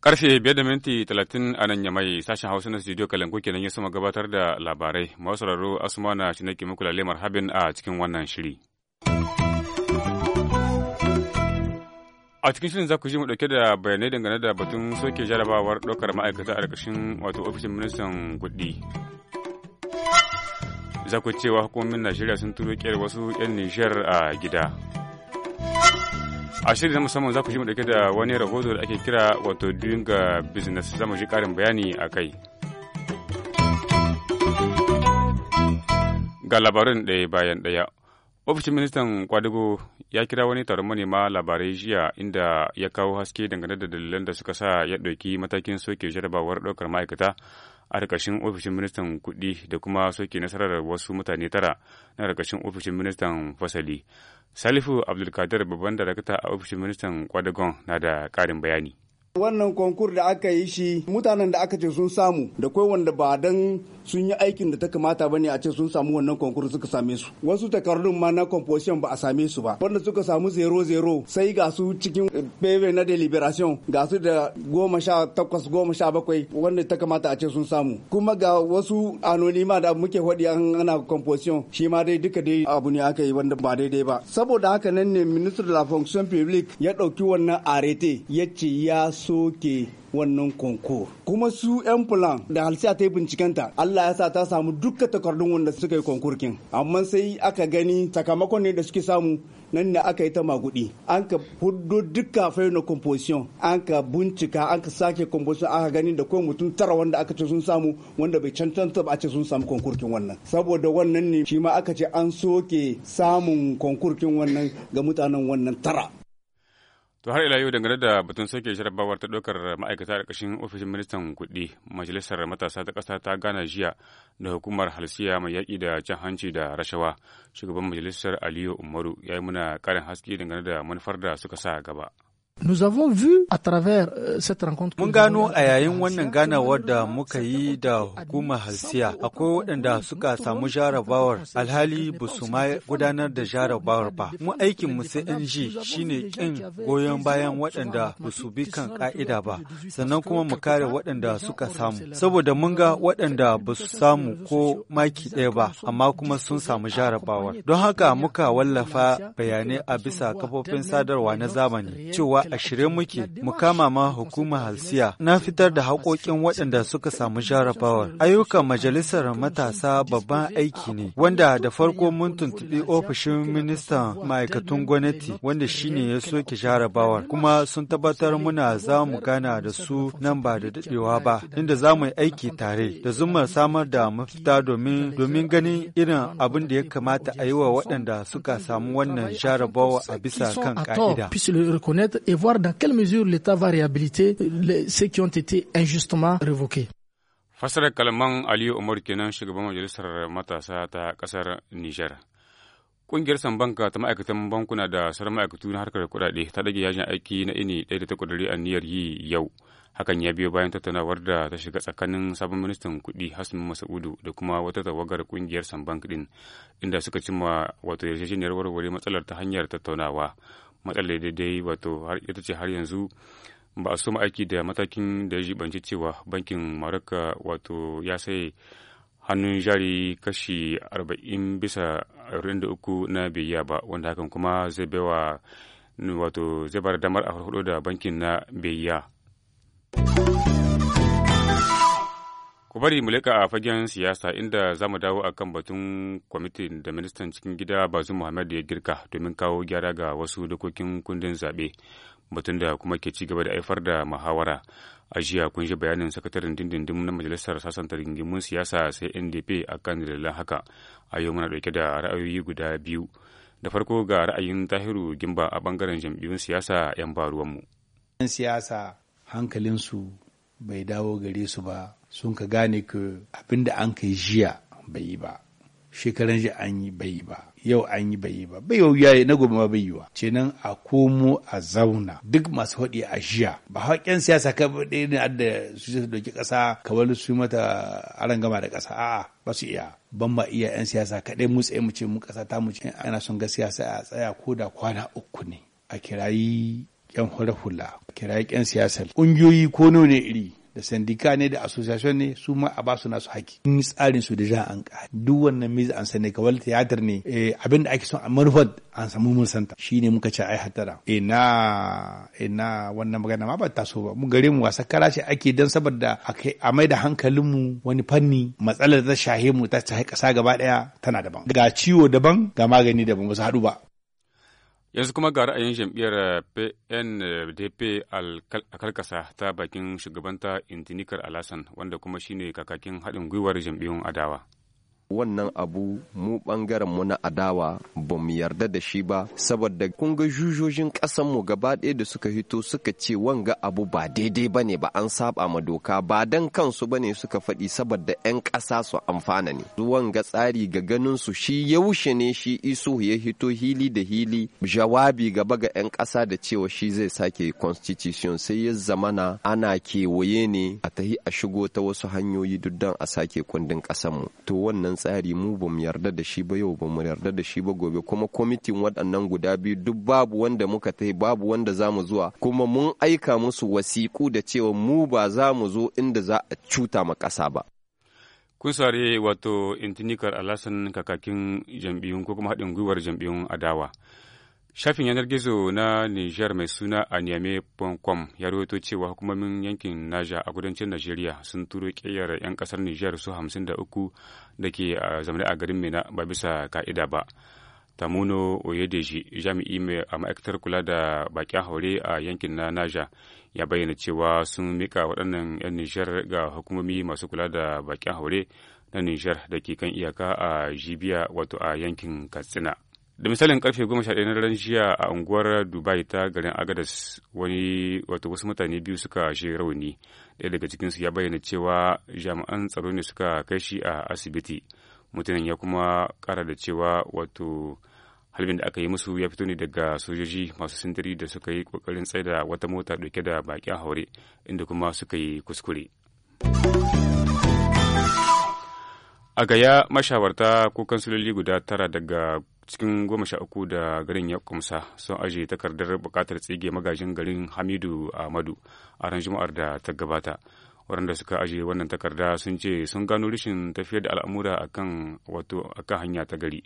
Karfe biyar da minti talatin a nan ya mai sashen Hausa na studio Kalangu kenan ya sama gabatar da labarai. Masu sauraro Asuma na shi nake muku lalemar habin a cikin wannan shiri. a cikin shirin za ku ji mu dauke da bayanai dangane da batun soke jarabawar ɗaukar ma'aikata a ƙarƙashin wato ofishin ministan kuɗi za ku cewa hukumomin najeriya sun turo ƙyar wasu 'yan nijar a gida a shirin na musamman za ku ji mu dauke da wani rahoto da ake kira wato doing business za mu ji ƙarin bayani a kai ga labarin ɗaya bayan ɗaya ofishin ministan kwadugo ya kira wani taron manema labarai jiya inda ya kawo haske dangane da dalilan da suka sa ya ɗauki matakin soke jarabawar ɗaukar ma'aikata a ƙarƙashin ofishin ministan kuɗi da kuma soke nasarar wasu mutane tara na ƙarƙashin ofishin ministan fasali. Salifu Abdulkadir babban darakta a ofishin ministan Kwadagon na da ƙarin bayani. Wannan konkur da aka yi shi mutanen da aka ce sun samu da kai wanda ba dan sun yi aikin da ta kamata ba ne a ce sun samu wannan konkur suka same su. Wasu takardun ma na composition ba a same su ba. Wanda suka samu zero zero sai ga su cikin bebe eh, na deliberation ga su da goma sha takwas goma sha bakwai wanda ta kamata a ce sun samu. Kuma ga wasu anonima da muke faɗi an ana composition shi ma dai duka dai abu ne aka yi wanda ba daidai ba. Saboda haka nan ne minister de la fonction publique ya ɗauki wannan arete ya ce ya soke wannan konko kuma su yan fulan da halsiya ta yi bincikenta allah ya sa ta samu duka takardun wanda suka yi konkurkin amma sai aka gani sakamakon ne da suke samu nan da aka yi ta magudi an ka hudu duka fayo na composition an ka bincika an ka sake composition aka gani da kawai mutum tara wanda aka ce sun samu wanda bai cancanta ba a ce sun samu konkurkin wannan saboda wannan ne shi ma aka ce an soke samun konkurkin wannan ga mutanen wannan tara To har ila yau dangane da batun soke jarabawar ta ɗaukar ma'aikata a ƙarshen ofishin ministan kuɗi majalisar matasa ta ƙasa ta gana jiya da hukumar halsiya mai yaƙi da cin hanci da rashawa shugaban majalisar aliyu umaru ya yi muna ƙarin haske dangane da manufar da suka sa gaba. Nous avons vu à travers euh, cette rencontre. Mun gano a yayin wannan ganawar da muka yi da hukumar halsiya akwai waɗanda suka samu jarabawar alhali ba su ma gudanar da jarabawar ba. Mu aikin mu sai NG shine kin goyon bayan waɗanda ba su bi kan ka'ida ba sannan kuma mu kare waɗanda suka samu saboda mun ga waɗanda ba su samu ko maki ɗaya ba amma kuma sun samu jarabawar. Don haka muka wallafa bayanai a bisa kafofin sadarwa na zamani cewa a shirye muke mu kama ma hukumar halsiya na fitar da haƙoƙin waɗanda suka samu jarabawar. Ayyukan majalisar matasa babban aiki ne wanda da farko mun tuntuɓi ofishin ministan ma'aikatun gwamnati wanda shine ya soke jarabawar kuma sun tabbatar muna za mu gana da su nan ba da daɗewa ba inda za mu yi aiki tare da zumar samar da mafita domin domin ganin irin abin da ya kamata a yi wa waɗanda suka samu wannan jarabawa a bisa kan ka'ida voir dans quelle mesure l'État va réhabiliter les, ceux qui ont été injustement révoqués. Fasarar kalman Aliyu Omar kenan shugaban majalisar matasa ta kasar Nijar. Kungiyar Sambanka ta ma'aikatan bankuna da sauran ma'aikatu na harkar kuɗaɗe ta dage yajin aiki na ini ɗaya da ta a niyyar yi yau. Hakan ya biyo bayan tattaunawar da ta shiga tsakanin sabon ministan kuɗi Hassan Masaudu da kuma wata tawagar kungiyar Sambank ɗin inda suka cimma wato yarjejeniyar warware matsalar ta hanyar tattaunawa. matsalar daidai wato ita ce har yanzu ba a so aiki da matakin da ya jibanci cewa bankin maraka wato ya sai hannun jari kashi 40 bisa 23 na biya ba wanda hakan kuma zai baiwa wato zai bar damar a farfado da bankin na biya. ku bari mu leka a fagen siyasa inda za mu dawo a kan batun kwamitin da ministan cikin gida bazu muhammad ya girka domin kawo gyara ga wasu dokokin kundin zaɓe batun da kuma ke ci gaba da haifar da muhawara a jiya kun ji bayanin sakataren dindindin na majalisar sasanta rigimun siyasa sai ndp a kan dalilan haka a yau muna dauke da ra'ayoyi guda biyu da farko ga ra'ayin tahiru gimba a bangaren jam'iyyun siyasa 'yan baruwanmu. siyasa hankalinsu bai dawo gare su ba sun ka gane ka abin da an kai jiya bai yi ba shekaran ji an yi bai yi ba yau an yi bai yi ba bai yau na gobe ma bai yi wa kenan a komo a zauna duk masu haɗi a jiya ba haƙƙin siyasa ka bude ne da su su ɗauki ƙasa ka wani su mata gama da ƙasa a'a ba su iya ban ma iya 'yan siyasa kaɗai mu tsaye mu ce mu ƙasa ta mu ce ana son ga siyasa a tsaya ko da kwana uku ne a kirayi yan hula hula kirayen siyasar Kungiyoyi ko ne iri da sandika ne da association ne su ma a basu nasu haƙi. in tsarin su da an ka duk wannan miza an sani kawal tiyatar ne eh, abin da ake son a manufar an samu mun santa shine muka ce ai hatara ina ina wannan magana ma ba ta so ba mu gare mu wasa karashi ake dan saboda a mai da hankalin mu wani fanni matsalar ta shahe mu ta shahe kasa gaba daya tana daban ga ciwo daban ga magani daban ba su haɗu ba yanzu kuma ga ra'ayin jam'iyyar pndp eh, a karkasa ta bakin shugabanta intinikar alasan wanda kuma shine kakakin haɗin gwiwar jam'iyyun adawa wannan abu mu bangaren mu na adawa ba mu yarda da shi ba saboda kun ga jujojin ƙasan mu gaba ɗaya da suka hito suka ce wanga abu ba daidai bane ba an saba ma doka ba dan kansu bane suka faɗi saboda ƴan ƙasa su amfana ne wanga tsari ga ganin su shi yaushe ne shi iso ya hito hili da hili jawabi gaba ga ƴan ƙasa da cewa shi zai sake constitution sai ya zamana ana kewaye ne a tahi a shigo ta wasu hanyoyi duk a sake kundin ƙasanmu to wannan tsari mu ba mu yarda da shi ba yau ba mu yarda da shi ba gobe kuma kwamitin waɗannan guda biyu duk babu wanda muka tai babu wanda za mu zuwa kuma mun aika musu wasiku da cewa mu ba za mu zo inda za a cuta ma ƙasa ba. Kun sare wato intinikar alasan kakakin jam'iyyun ko kuma haɗin gwiwar jam'iyyun adawa. Shafin yanar gizo na Nijar mai suna anyame.com ya rawaito cewa hukumomin yankin Naja a kudancin Najeriya sun turo ƙeyar 'yan ƙasar Nijar su hamsin da uku da ke zamani a garin Mina ba bisa ka'ida ba. Tamuno Oyedeji jami'i mai a ma'aikatar kula da bakin haure a yankin na Naja ya bayyana cewa sun mika waɗannan 'yan Nijar ga hukumomi masu kula da bakin haure na Nijar da ke kan iyaka a Jibiya wato a yankin Katsina. da misalin karfe goma sha na daren jiya a unguwar dubai ta garin agadas wani wato wasu mutane biyu suka shi rauni ɗaya daga cikinsu ya bayyana cewa jami'an tsaro ne suka kai shi a asibiti mutumin ya kuma kara da cewa wato halbin da aka yi musu ya fito ne daga sojoji masu sintiri da suka yi ƙoƙarin tsaida wata mota ɗauke da baƙin haure inda kuma suka yi kuskure. A gaya mashawarta ko kansiloli guda tara daga cikin goma sha uku da garin ya kumsa sun ajiye takardar bukatar tsige magajin garin hamidu ahmadu a ran juma'ar da ta gabata waɗanda suka ajiye wannan takarda sun ce sun gano rashin tafiyar da al'amura akan wato hanya ta gari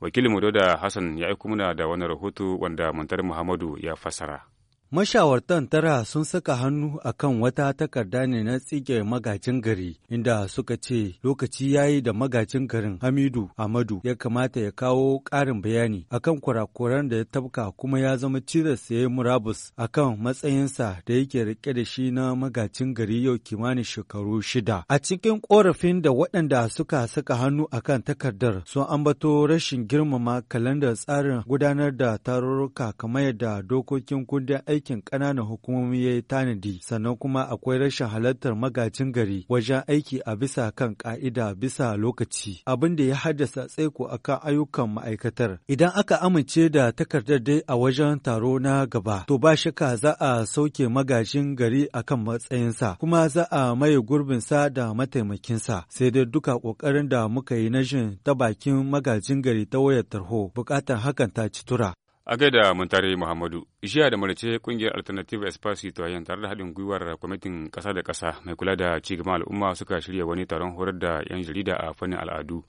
wakilin mu da hassan ya aiko muna da wani rahoto wanda muntar muhammadu ya fassara Mashawartan tara sun saka hannu a kan wata takarda ne na tsike magajin gari, inda suka ce lokaci ya yi da magajin garin Hamidu Amadu ya kamata ya kawo ƙarin bayani a kan kurakuran da ya tabka kuma ya zama ciras ya murabus a kan matsayinsa da yake rike da shi na magajin gari yau kimanin shekaru shida. A cikin ƙorafin da waɗanda suka saka hannu a kan takardar sun ambato rashin girmama kalandar tsarin gudanar da tarurruka kamar yadda dokokin kundin aiki aikin ƙananan hukumomi ya yi tanadi sannan kuma akwai rashin halartar magajin gari wajen aiki a bisa kan ka'ida bisa lokaci abin da ya haddasa tsaiko akan ayyukan ma'aikatar idan aka amince da takardar dai a wajen taro na gaba to ba shakka za a sauke magajin gari akan matsayinsa kuma za a maye gurbinsa da mataimakinsa sai dai duka ƙoƙarin da muka yi na jin ta bakin magajin gari ta wayar tarho bukatar hakan ta ci tura a gaida muntare muhammadu jiya da marace kungiyar alternative espace citoyen tare da haɗin gwiwar kwamitin ƙasa da ƙasa mai kula da cigaban al'umma suka shirya wani taron horar da 'yan jarida a fannin al'adu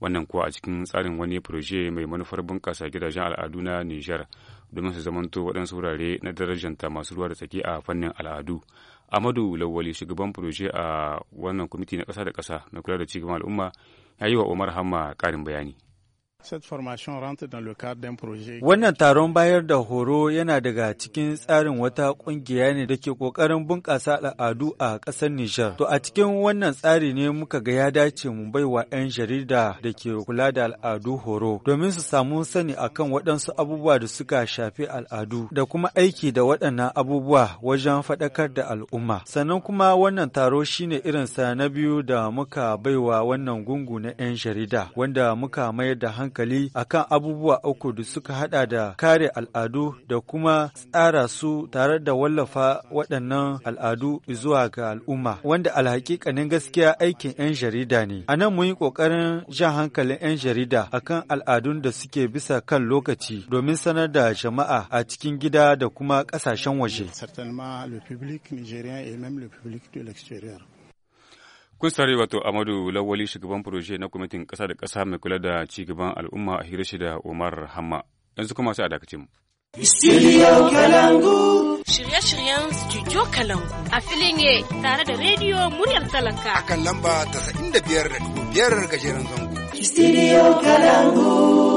wannan kuwa a cikin tsarin wani proje mai manufar bunƙasa gidajen al'adu na nijar domin su zamanto waɗansu wurare na darajanta masu ruwa da tsaki a fannin al'adu amadu lawali shugaban proje a wannan kwamiti na ƙasa da ƙasa mai kula da cigaban al'umma ya yi wa umar hamma ƙarin bayani Wannan taron bayar da horo yana daga cikin tsarin wata ƙungiya ne da ke ƙoƙarin bunƙasa al'adu a ƙasar Nijar. To a cikin wannan tsari ne muka ga ya dace mu bai wa 'yan jarida da ke kula da al'adu horo domin su samu sani akan waɗansu abubuwa da suka shafi al'adu da kuma aiki da waɗannan abubuwa wajen faɗakar da al'umma. Sannan kuma wannan taro shine irinsa na biyu da muka baiwa wannan gungu na 'yan jarida wanda muka mayar da hankali hankali akan abubuwa uku da suka hada da kare al'adu da kuma tsara su tare da wallafa waɗannan al'adu zuwa ga al'umma wanda alhakikanin gaskiya aikin 'yan jarida ne a nan mun yi ƙoƙarin jan hankalin 'yan jarida akan al'adun da suke bisa kan lokaci domin sanar da jama'a a cikin gida da kuma ƙasashen waje Kun sare wato Amadu Lawali shugaban furoje na kwamitin ƙasa da ƙasa mai kula da cigaban al'umma a hirashi da Umar Hamma. Yanzu kuma sai a dakacin. Studio Kalangu. Shirye-shiryen Studio Kalangu. A filin ye tare da rediyo muryar talaka. A kan lamba 95.5 gajeren zango. Studio Kalangu.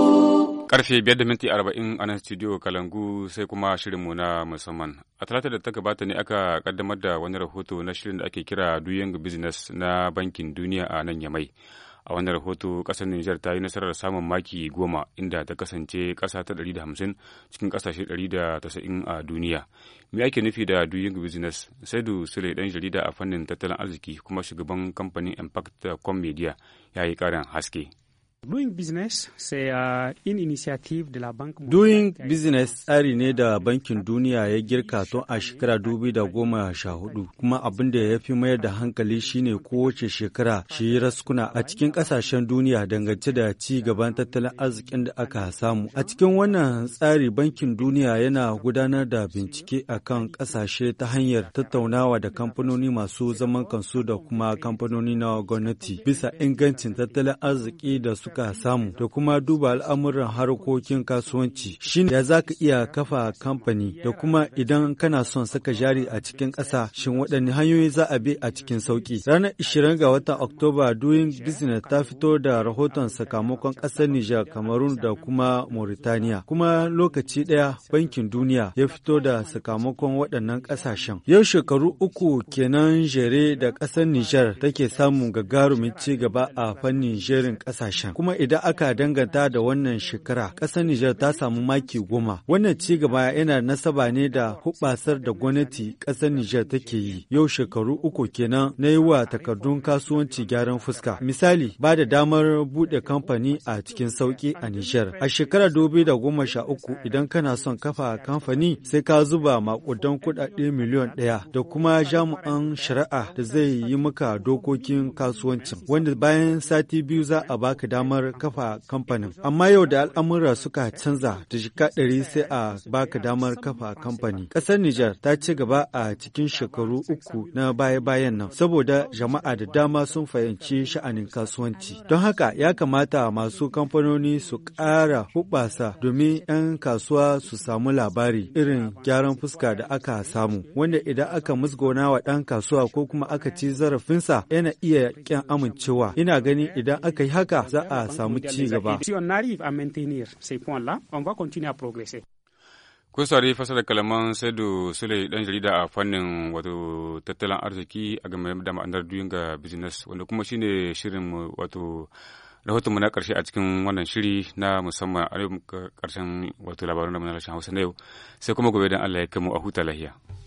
Karfe biyar da minti arba'in a nan studio Kalangu sai kuma shirinmu na musamman. A talata da ta gabata ne aka kaddamar da wani rahoto na shirin da ake kira Doing Business na Bankin Duniya a nan Yamai. A wani rahoto kasar Nijar ta yi nasarar samun maki goma inda ta kasance kasa ta ɗari da hamsin cikin kasashe ɗari da tasa'in a duniya. Me ake nufi da Doing Business? Saidu Sule dan jarida a fannin tattalin arziki kuma shugaban kamfanin Impact Com Media ya yi karin haske. Doing Business euh, tsari ne da Bankin Duniya ya girka tun a shekara goma sha hudu kuma abin da ya fi mayar da hankali shine kowace shekara shi raskuna a cikin kasashen duniya dangance da ci gaban tattalin arzikin da aka samu. A cikin wannan tsari Bankin Duniya yana gudanar da bincike akan kasashe ta hanyar tattaunawa da kamfanoni masu zaman kansu da kuma kamfanoni na gwamnati bisa ingancin tattalin arziki da su suka samu da kuma duba al'amuran harkokin kasuwanci shin ya za ka iya kafa kamfani da kuma idan kana son saka jari a cikin ƙasa shin waɗanne hanyoyi za a bi a cikin sauƙi ranar 20 ga watan oktoba doing business ta fito da rahoton sakamakon ƙasar nijar kamarun da kuma mauritania kuma lokaci ɗaya bankin duniya ya fito da sakamakon waɗannan ƙasashen yau shekaru uku kenan jere da ƙasar nijar take samun gagarumin ci gaba a fannin jerin ƙasashen kuma idan aka danganta da wannan shekara ƙasar Nijar ta samu maki goma. Wannan ci gaba yana nasaba ne da hubasar da gwamnati ƙasar Nijar take yi yau shekaru uku kenan na yi wa takardun kasuwanci gyaran fuska. Misali, ba da damar buɗe kamfani a cikin sauƙi a Nijar. A shekarar dubu da goma sha uku idan kana son kafa kamfani sai ka zuba maƙudan kuɗaɗe miliyon ɗaya da kuma jami'an shari'a da zai yi maka dokokin kasuwancin wanda bayan sati biyu za a baka damar damar kafa kamfanin. Amma yau da al'amura suka canza da shika ɗari sai a baka damar kafa kamfani. Ƙasar Nijar ta ci gaba a cikin shekaru uku na baya-bayan nan saboda jama'a da dama sun fahimci sha'anin kasuwanci. Don haka ya kamata masu kamfanoni su ƙara hubasa domin 'yan kasuwa su samu labari irin gyaran fuska da aka samu wanda idan aka musgona wa ɗan kasuwa ko kuma aka ci zarafinsa yana iya ƙyan amincewa. Ina ganin idan aka yi haka za a a samu ci gaba. Kun sari fasarar kalaman Saidu Sule dan jarida a fannin wato tattalin arziki a game da ma'anar duyun ga business wanda kuma shine shirin wato rahotonmu na karshe a cikin wannan shiri na musamman a karshen wato labarun da mana Hausa na yau sai kuma gobe dan Allah ya kai mu a huta lahiya.